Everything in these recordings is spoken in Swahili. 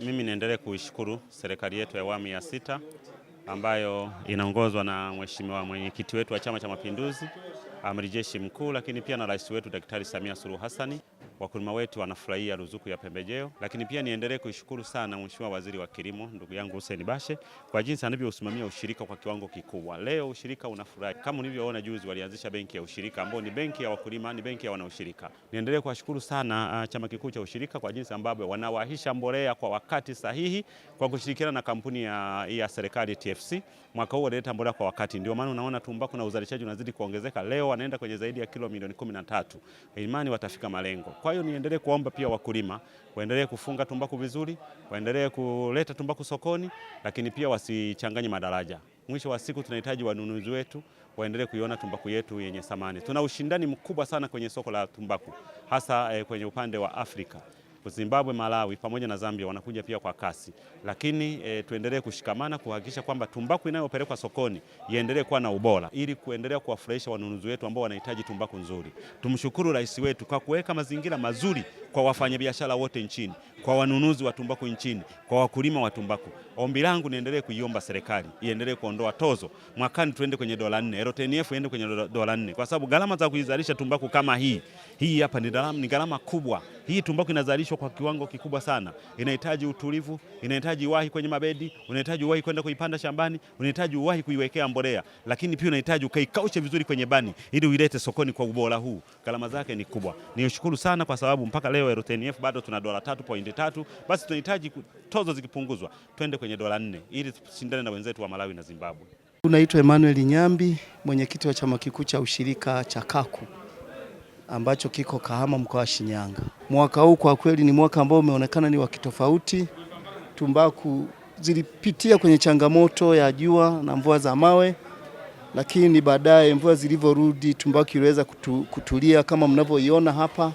mimi niendelee kuishukuru serikali yetu ya awamu ya sita ambayo inaongozwa na mheshimiwa mwenyekiti wetu wa Chama cha Mapinduzi, amiri jeshi mkuu, lakini pia na rais wetu Daktari Samia Suluhu Hassani wakulima wetu wanafurahia ruzuku ya pembejeo. Lakini pia niendelee kuishukuru sana Mheshimiwa Waziri wa Kilimo ndugu yangu Hussein Bashe kwa jinsi anavyosimamia ushirika kwa kiwango kikubwa. Leo ushirika unafurahi kama ulivyoona, juzi walianzisha benki ya ushirika ambayo ni benki ya wakulima, ni benki ya wanaushirika. Niendelee kuwashukuru sana uh, chama kikuu cha ushirika kwa jinsi ambavyo wanawahisha mbolea kwa wakati sahihi kwa kushirikiana na kampuni ya, ya serikali TFC. Mwaka huu walileta mbolea kwa wakati, ndio maana unaona tumbaku na uzalishaji unazidi kuongezeka. Leo wanaenda kwenye zaidi ya kilo milioni 13. Imani watafika malengo kwa kwa hiyo niendelee kuwaomba pia wakulima waendelee kufunga tumbaku vizuri, waendelee kuleta tumbaku sokoni, lakini pia wasichanganye madaraja. Mwisho wa siku tunahitaji wanunuzi wetu waendelee kuiona tumbaku yetu yenye thamani. Tuna ushindani mkubwa sana kwenye soko la tumbaku hasa eh, kwenye upande wa Afrika. Zimbabwe, Malawi pamoja na Zambia wanakuja pia kwa kasi, lakini e, tuendelee kushikamana kuhakikisha kwamba tumbaku inayopelekwa sokoni iendelee kuwa na ubora ili kuendelea kuwafurahisha wanunuzi wetu ambao wanahitaji tumbaku nzuri. Tumshukuru rais wetu kwa kuweka mazingira mazuri kwa wafanyabiashara wote nchini, kwa wanunuzi wa tumbaku nchini, kwa wakulima wa tumbaku. Ombi langu niendelee kuiomba serikali iendelee kuondoa tozo, mwakani tuende kwenye dola 4, RTNF iende kwenye dola 4, kwa sababu gharama za kuizalisha tumbaku kama hii hii hapa ni gharama kubwa. Hii tumbaku inazalishwa imeboreshwa kwa kiwango kikubwa sana. Inahitaji utulivu, inahitaji uwahi kwenye mabedi, unahitaji uwahi kwenda kuipanda shambani, unahitaji uwahi kuiwekea mbolea, lakini pia unahitaji ukaikaushe vizuri kwenye bani ili uilete sokoni kwa ubora huu. Gharama zake ni kubwa. Nishukuru sana kwa sababu mpaka leo RTNF e bado tuna dola 3.3, basi tunahitaji tozo zikipunguzwa twende kwenye dola 4 ili tushindane na wenzetu wa Malawi na Zimbabwe. unaitwa Emmanuel Nyambi, mwenyekiti wa chama kikuu cha ushirika cha kaku ambacho kiko Kahama mkoa wa Shinyanga. Mwaka huu kwa kweli ni mwaka ambao umeonekana ni wa kitofauti. Tumbaku zilipitia kwenye changamoto ya jua na mvua za mawe, lakini baadaye mvua zilivyorudi, tumbaku iliweza kutu, kutulia kama mnavyoiona hapa.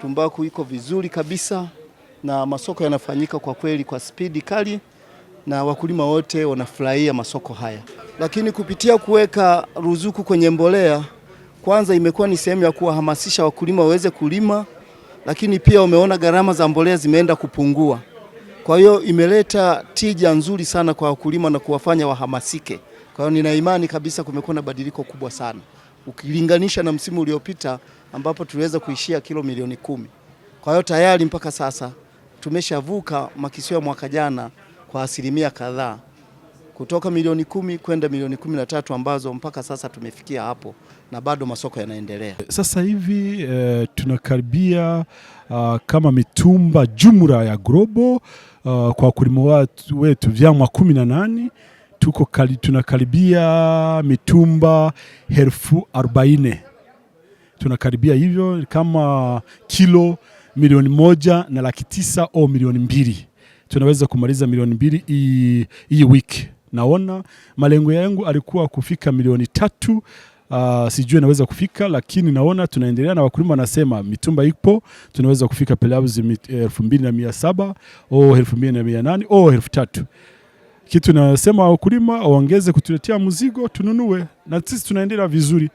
Tumbaku iko vizuri kabisa na masoko yanafanyika kwa kweli kwa spidi kali na wakulima wote wanafurahia masoko haya, lakini kupitia kuweka ruzuku kwenye mbolea kwanza imekuwa ni sehemu ya kuwahamasisha wakulima waweze kulima, lakini pia umeona gharama za mbolea zimeenda kupungua. Kwa hiyo imeleta tija nzuri sana kwa wakulima na kuwafanya wahamasike. Kwa hiyo nina imani kabisa kumekuwa na badiliko kubwa sana ukilinganisha na msimu uliopita ambapo tuliweza kuishia kilo milioni kumi. Kwa hiyo tayari mpaka sasa tumeshavuka makisio ya mwaka jana kwa asilimia kadhaa kutoka milioni kumi kwenda milioni kumi na tatu ambazo mpaka sasa tumefikia hapo na bado masoko yanaendelea. Sasa hivi e, tunakaribia a, ah, kama mitumba jumla ya grobo a, ah, kwa wakulima wetu vyama kumi na nane tuko kali, tunakaribia mitumba elfu arobaini tunakaribia hivyo kama kilo milioni moja na laki tisa au milioni mbili tunaweza kumaliza milioni mbili hii wiki naona malengo yangu alikuwa kufika milioni tatu. Uh, sijui naweza kufika, lakini naona tunaendelea na wakulima wanasema mitumba ipo, tunaweza kufika pelauzi elfu mbili na mia saba o elfu mbili na mia nane o elfu tatu kitu nasema wakulima waongeze kutuletea mzigo tununue, na sisi tunaendelea vizuri.